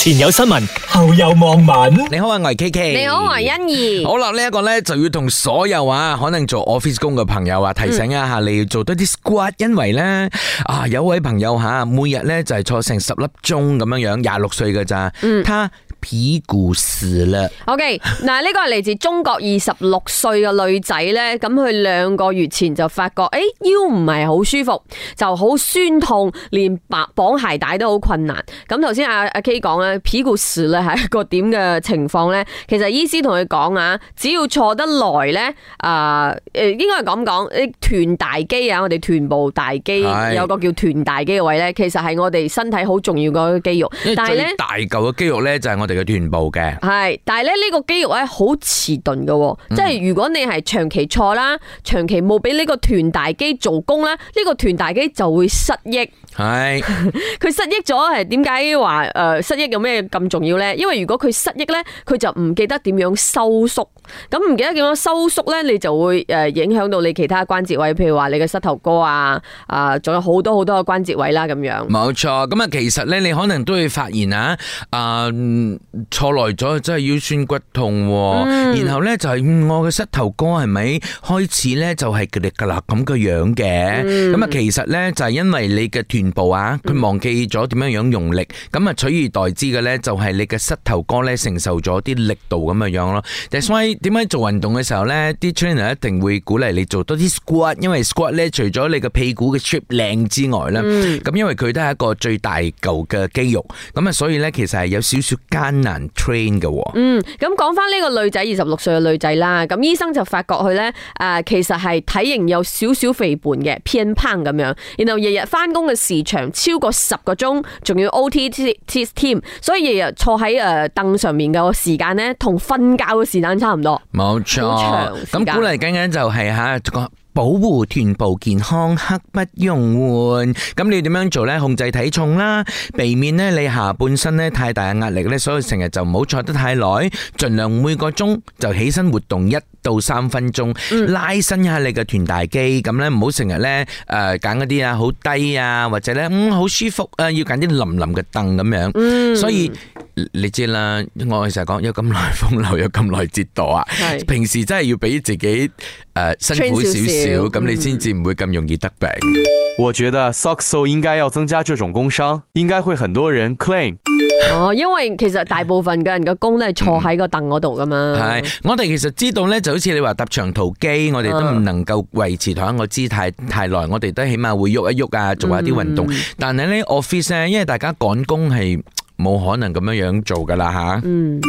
前有新聞，後有網民你好啊，我係 K K。你好啊，我 KK 你好我係欣怡。好啦，呢、這、一個咧就要同所有啊，可能做 office 工嘅朋友啊，提醒一下，你要做多啲 squat，、嗯、因為咧啊有位朋友吓、啊，每日咧就係坐成十粒鐘咁樣樣，廿六歲㗎咋，嗯，他。屁股死啦，OK，嗱呢個係嚟自中國二十六歲嘅女仔咧，咁佢兩個月前就發覺，誒、哎、腰唔係好舒服，就好痠痛，連白綁鞋帶都好困難。咁頭先阿阿 K 講咧，屁股死咧係一個點嘅情況咧？其實醫師同佢講啊，只要坐得耐咧，啊、呃、誒應該係咁講，誒臀大肌啊，我哋臀部大肌有個叫臀大肌嘅位咧，其實係我哋身體好重要嘅肌肉，但係咧大舊嘅肌肉咧就係我。我哋嘅臀部嘅，係，但係咧呢個肌肉咧好遲鈍嘅，即係如果你係長期坐啦，長期冇俾呢個臀大肌做功啦，呢、這個臀大肌就會失憶。係佢失憶咗，係點解話誒失憶有咩咁重要咧？因為如果佢失憶咧，佢就唔記得點樣收縮，咁唔記得點樣收縮咧，你就會誒影響到你其他關節位，譬如話你嘅膝頭哥啊，啊仲有好多好多嘅關節位啦，咁樣。冇錯，咁啊其實咧，你可能都會發現啊，啊坐耐咗真係腰酸骨痛，然後咧就係我嘅膝頭哥係咪開始咧就係佢哋噶啦咁嘅樣嘅，咁啊其實咧就係因為你嘅臀。步啊！佢忘記咗點樣樣用力，咁、嗯、啊取而代之嘅呢就係你嘅膝頭哥咧承受咗啲力度咁樣樣咯。但係點解做運動嘅時候呢，啲 trainer 一定會鼓勵你做多啲 squat，因為 squat 咧除咗你嘅屁股嘅 shape 靚之外咧，咁、嗯、因為佢都係一個最大嚿嘅肌肉，咁啊所以呢，其實係有少少艱難 train 嘅。嗯，咁講翻呢個女仔二十六歲嘅女仔啦，咁醫生就發覺佢呢，誒、呃、其實係體型有少少肥胖嘅偏胖咁樣，然後日日翻工嘅。時長超過十個鐘，仲要 OT Team，所以日日坐喺誒凳上面嘅時間咧，同瞓覺嘅時間差唔多。冇錯，咁鼓勵緊緊就係、是、吓保護臀部健康刻不容緩，咁你要點樣做呢？控制體重啦，避免呢你下半身呢太大嘅壓力呢，所以成日就唔好坐得太耐，盡量每個鐘就起身活動一到三分鐘，拉伸一下你嘅臀大肌，咁呢唔好成日呢誒揀嗰啲啊好低啊，或者呢嗯好舒服啊，要揀啲腍腍嘅凳咁樣，所以。你知啦，我成日講有咁耐風流，有咁耐折墮啊！平時真係要俾自己誒、呃、辛苦少少，咁、嗯、你先至唔會咁容易得病。嗯、我覺得 SOCSO 應該要增加這種工傷，應該會很多人 claim。哦，因為其實大部分嘅人嘅工都係坐喺個凳嗰度噶嘛。係、 嗯，我哋其實知道呢，就好似你話搭長途機，我哋都唔能夠維持同一個姿態太耐、嗯，我哋都起碼會喐一喐啊，做下啲運動。嗯、但係呢 office 咧，因為大家趕工係。冇可能咁樣樣做噶啦吓！嗯，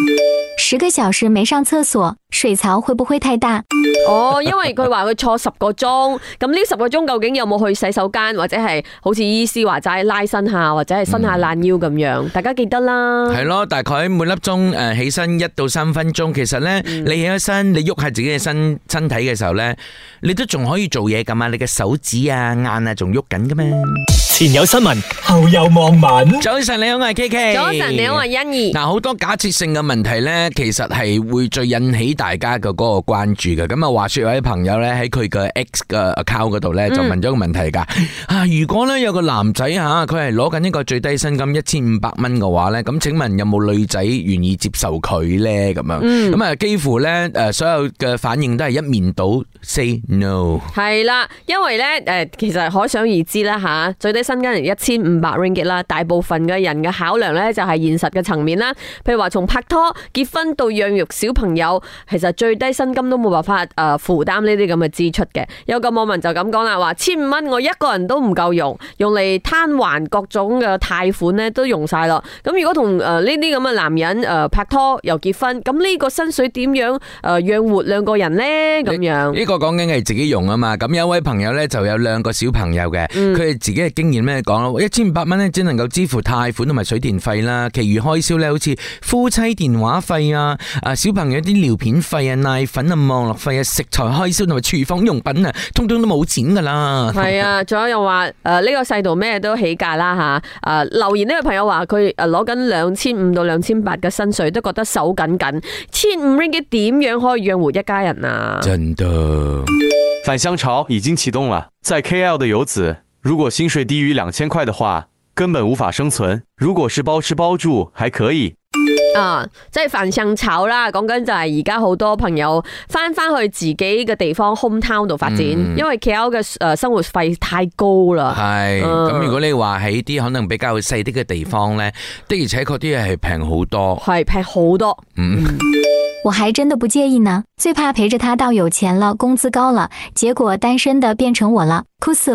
十個小時沒上廁所，水槽會不會太大？ 哦，因為佢話佢坐十個鐘，咁呢十個鐘究竟有冇去洗手間，或者係好似醫師話齋拉伸下，或者係伸下懶腰咁樣，嗯。大家記得啦。係咯，大概每粒鐘誒起身一到三分鐘。其實呢，嗯、你起起身，你喐下自己嘅身身體嘅時候呢，你都仲可以做嘢咁啊！你嘅手指啊、眼啊，仲喐緊噶咩？前有新聞，後有網民。早晨，你好，我係 KK。早晨，你好，我係欣兒。嗱，好多假設性嘅問題咧，其實係會最引起大家嘅嗰個關注嘅。咁啊，話說有位朋友咧喺佢嘅 X 嘅 account 嗰度咧，就問咗個問題噶。啊，如果咧有個男仔吓，佢係攞緊一個最低薪金一千五百蚊嘅話咧，咁請問有冇女仔願意接受佢咧？咁樣，咁啊，幾乎咧誒，所有嘅反應都係一面倒，say no。係啦，因為咧誒，其實可想而知啦吓，最低。薪金係一千五百 ringgit 啦，大部分嘅人嘅考量咧就係現實嘅層面啦。譬如話從拍拖、結婚到養育小朋友，其實最低薪金都冇辦法誒負擔呢啲咁嘅支出嘅。有個網民就咁講啦，話千五蚊我一個人都唔夠用，用嚟攤還各種嘅貸款咧都用晒咯，咁如果同誒呢啲咁嘅男人誒拍拖又結婚，咁呢個薪水點樣誒養活兩個人咧？咁樣呢個講緊係自己用啊嘛。咁有位朋友咧就有兩個小朋友嘅，佢哋自己嘅經驗。咩講咯？一千五百蚊咧，只能夠支付貸款同埋水電費啦，其餘開銷咧，好似夫妻電話費啊、啊小朋友啲尿片費啊、奶粉啊、網絡費啊、食材開銷同埋廚房用品啊，通通都冇錢噶啦。係啊，仲有又話誒呢個世道咩都起價啦吓。誒、呃，留言呢個朋友話佢誒攞緊兩千五到兩千八嘅薪水，都覺得手緊緊。千五 ringgit 點樣可以養活一家人啊？真的，返鄉潮已經啟動啦，在 KL 的遊子。如果薪水低於兩千塊的話，根本無法生存。如果是包吃包住，還可以。啊，即係返鄉潮啦，講緊就係而家好多朋友翻翻去自己嘅地方 home town 度發展，因為 KL 嘅誒生活費太高啦。係，咁、嗯、如果你話喺啲可能比較細啲嘅地方咧、嗯，的而且確啲嘢係平好多，係平好多。嗯，我還真的不介意呢，最怕陪着他到有錢了，工資高了，結果單身的變成我了。確實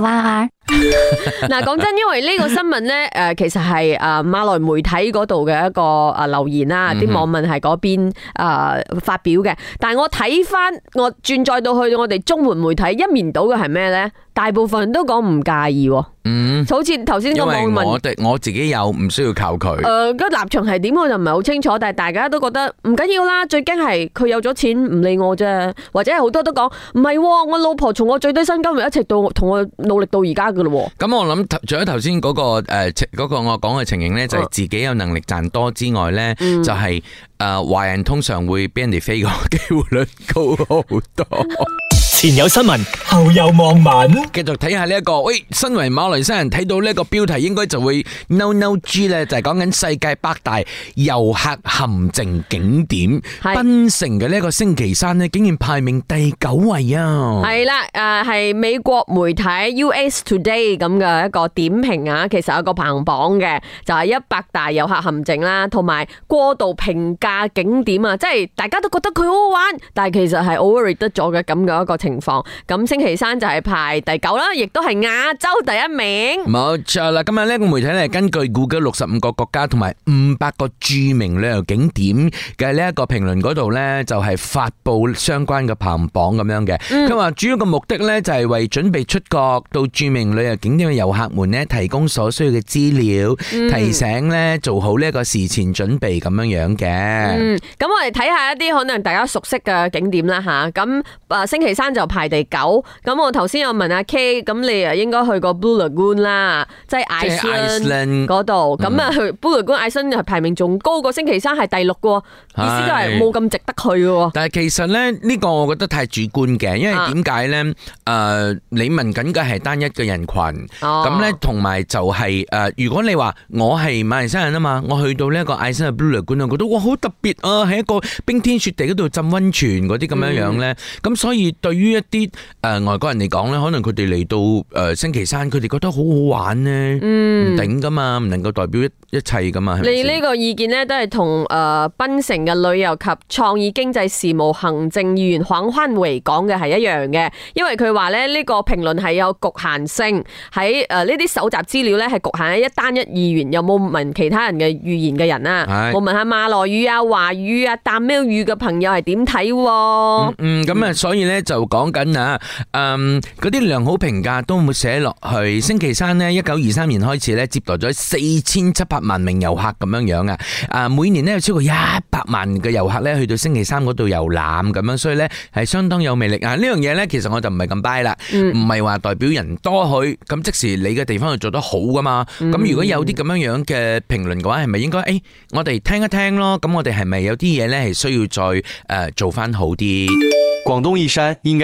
嗱，講真，因為呢個新聞呢，誒，其實係誒馬來媒體嗰度嘅一個誒留言啦，啲、嗯、網民係嗰邊誒發表嘅。但係我睇翻我轉載到去我哋中文媒體，一面倒嘅係咩呢？大部分都講唔介意，嗯，好似頭先個網民我，我自己有唔需要靠佢，誒、呃，嗰立場係點我就唔係好清楚，但係大家都覺得唔緊要啦。最驚係佢有咗錢唔理我啫，或者係好多都講唔係，我老婆從我最低薪金嚟一直到同我。努力到而家嘅咯，咁我諗，除咗頭先嗰個誒嗰、呃嗰個我講嘅情形咧，就係、是、自己有能力賺多之外咧，嗯、就係誒華人通常會俾人哋飛嘅機會率高好多。 前有新聞，後有網民，繼續睇下呢一個。誒，身為馬來西亞人睇到呢個標題，應該就會嬲嬲豬咧，就係講緊世界百大遊客陷阱景點。檳城嘅呢一個升旗山咧，竟然排名第九位啊！係啦，誒，係美國媒體 U.S. Today 咁嘅一個點評啊，其實係一個排行榜嘅，就係一百大遊客陷阱啦，同埋過度評價景點啊，即係大家都覺得佢好好玩，但係其實係 overrated 咗嘅咁嘅一個情情況咁，星期三就係排第九啦，亦都係亞洲第一名。冇錯啦，今日呢個媒體呢，根據 Google 嘅六十五個國家同埋五百個著名旅遊景點嘅呢一個評論嗰度呢，就係發佈相關嘅排行榜咁樣嘅。佢話主要嘅目的呢，就係為準備出國到著名旅遊景點嘅遊客們呢，提供所需要嘅資料，提醒呢做好呢一個事前準備咁樣樣嘅。嗯，咁我哋睇下一啲可能大家熟悉嘅景點啦吓。咁啊，星期三，就排第九，咁我頭先有問阿 K，咁你啊應該去過 Blue Lagoon 啦，即係 Iceland 嗰度，咁啊去 Blue Lagoon Iceland 又排名仲高過星期三係第六個，意思都係冇咁值得去嘅。但係其實咧呢個我覺得太主觀嘅，因為點解咧？誒，你問緊嘅係單一嘅人群，咁咧同埋就係誒，如果你話我係馬來西亞人啊嘛，我去到呢一個 Iceland Blue Lagoon 我覺得哇好特別啊，喺一個冰天雪地嗰度浸溫泉嗰啲咁樣樣咧，咁所以對於於一啲誒外國人嚟講咧，可能佢哋嚟到誒升旗山，佢哋覺得好好玩咧，唔頂噶嘛，唔能夠代表一一切噶嘛。你呢個意見咧，都係同誒檳城嘅旅遊及創意經濟事務行政議員黃坤維講嘅係一樣嘅，因為佢話咧呢個評論係有侷限性，喺誒呢啲蒐集資料咧係侷限喺一單一議員，有冇問其他人嘅語言嘅人啊？我問下馬來語啊、華語啊、淡米語嘅朋友係點睇？嗯，咁啊，所以咧就。講緊啊，嗯，嗰啲良好評價都冇寫落去。星期三咧，一九二三年開始咧，接待咗四千七百萬名遊客咁樣樣啊。啊，每年咧有超過一百萬嘅遊客咧去到星期三嗰度遊覽咁樣，所以咧係相當有魅力啊。呢樣嘢咧，其實我就唔係咁 buy 啦，唔係話代表人多去，咁即時你嘅地方就做得好噶嘛。咁如果有啲咁樣樣嘅評論嘅話，係咪應該誒，我哋聽一聽咯。咁我哋係咪有啲嘢咧係需要再誒做翻好啲？廣東醫生，應該。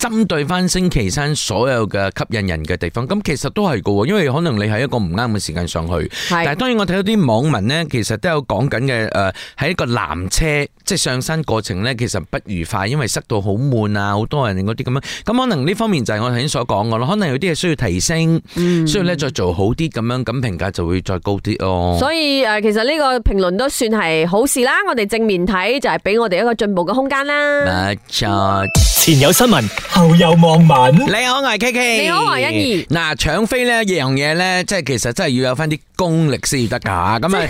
針對翻升旗山所有嘅吸引人嘅地方，咁其實都係㗎，因為可能你係一個唔啱嘅時間上去。係，但係當然我睇到啲網民咧，其實都有講緊嘅，誒喺一個纜車即係上山過程咧，其實不愉快，因為塞到好悶啊，好多人嗰啲咁樣。咁可能呢方面就係我頭先所講嘅咯，可能有啲嘢需要提升，需要咧再做好啲咁樣，咁評價就會再高啲咯。所以誒，其實呢個評論都算係好事啦，我哋正面睇就係俾我哋一個進步嘅空間啦。冇錯，前有新聞。後有網民。你好，我係 KK，你好，我係欣怡。嗱，搶飛呢咧，樣嘢咧，即係其實真係要有返啲。功力先得噶，咁啊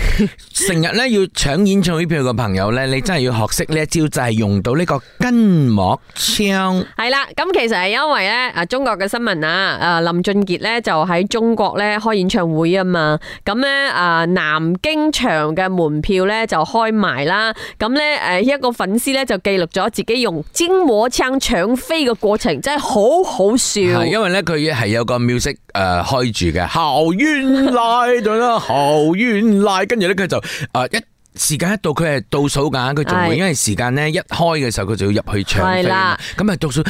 成日咧要搶演唱會票嘅朋友咧， 你真係要學識呢一招，就係用到呢個筋膜槍。係啦，咁其實係因為咧啊，中國嘅新聞啊，林俊傑咧就喺中國咧開演唱會啊嘛，咁咧誒南京場嘅門票咧就開埋啦，咁咧誒一個粉絲咧就記錄咗自己用筋膜槍搶飛嘅過程，真係好好笑。因為咧佢係有個 music 誒開住嘅校園 好侯元賴，跟住咧佢就誒，一時間一到佢係倒數噶，佢仲會因為時間咧一開嘅時候佢就要入去唱，咁啊倒數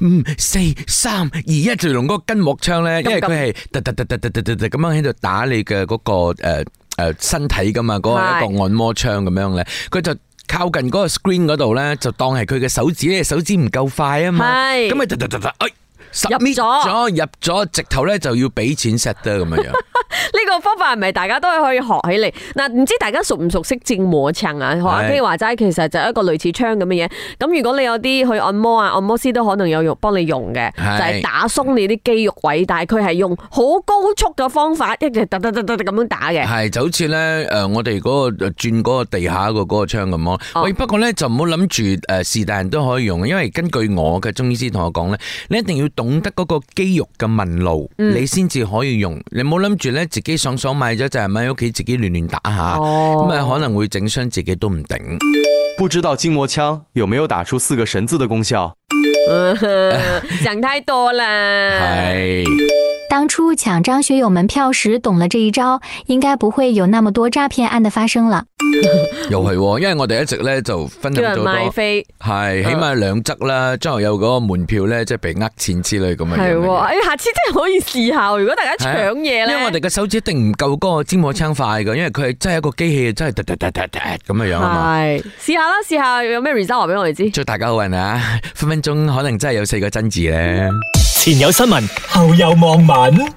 五四三二一就用嗰個筋膜槍咧，因為佢係噠噠噠噠噠噠噠咁樣喺度打你嘅嗰個誒誒身體噶嘛，嗰個一個按摩槍咁樣咧，佢就靠近嗰個 screen 嗰度咧，就當係佢嘅手指，因為手指唔夠快啊嘛，咁啊突突突突。入咗，入咗，直頭咧就要俾錢 set 咁樣樣。呢 個方法係咪大家都可以學起嚟？嗱，唔知大家熟唔熟悉筋膜槍啊？阿基話齋，其實就一個類似槍咁嘅嘢。咁如果你有啲去按摩啊，按摩師都可能有用幫你用嘅，就係、是、打鬆你啲肌肉位。但係佢係用好高速嘅方法，一直噠噠咁樣打嘅。係就好似咧誒，我哋嗰個轉嗰個地下個嗰個槍咁樣。喂、oh.，不過咧就唔好諗住誒，是但人都可以用，因為根據我嘅中醫師同我講咧，你一定要懂得嗰個肌肉嘅紋路，你先至可以用。嗯、你冇諗住咧，自己爽爽買咗就係咪喺屋企自己亂亂打下，咁、哦、啊可能會整傷自己都唔定。不知道筋膜槍有沒有打出四個神字的功效？呃、想太多啦。 當初搶張學友門票時懂了這一招，應該不會有那麼多詐騙案的發生了。 又係、哦，因為我哋一直咧就分享咗多，係起碼兩則啦。張學友嗰個門票咧即係被呃錢之類咁樣係，哎、哦，下次真係可以試下，如果大家搶嘢咧，因為我哋嘅手指一定唔夠嗰個尖摸槍快嘅，因為佢係真係一個機器，真係突突突突突咁嘅樣啊嘛。係，試下啦，試下有咩 result 話俾我哋知。祝大家好運啊！分分鐘可能真係有四個真字咧。前有新聞，後有網文。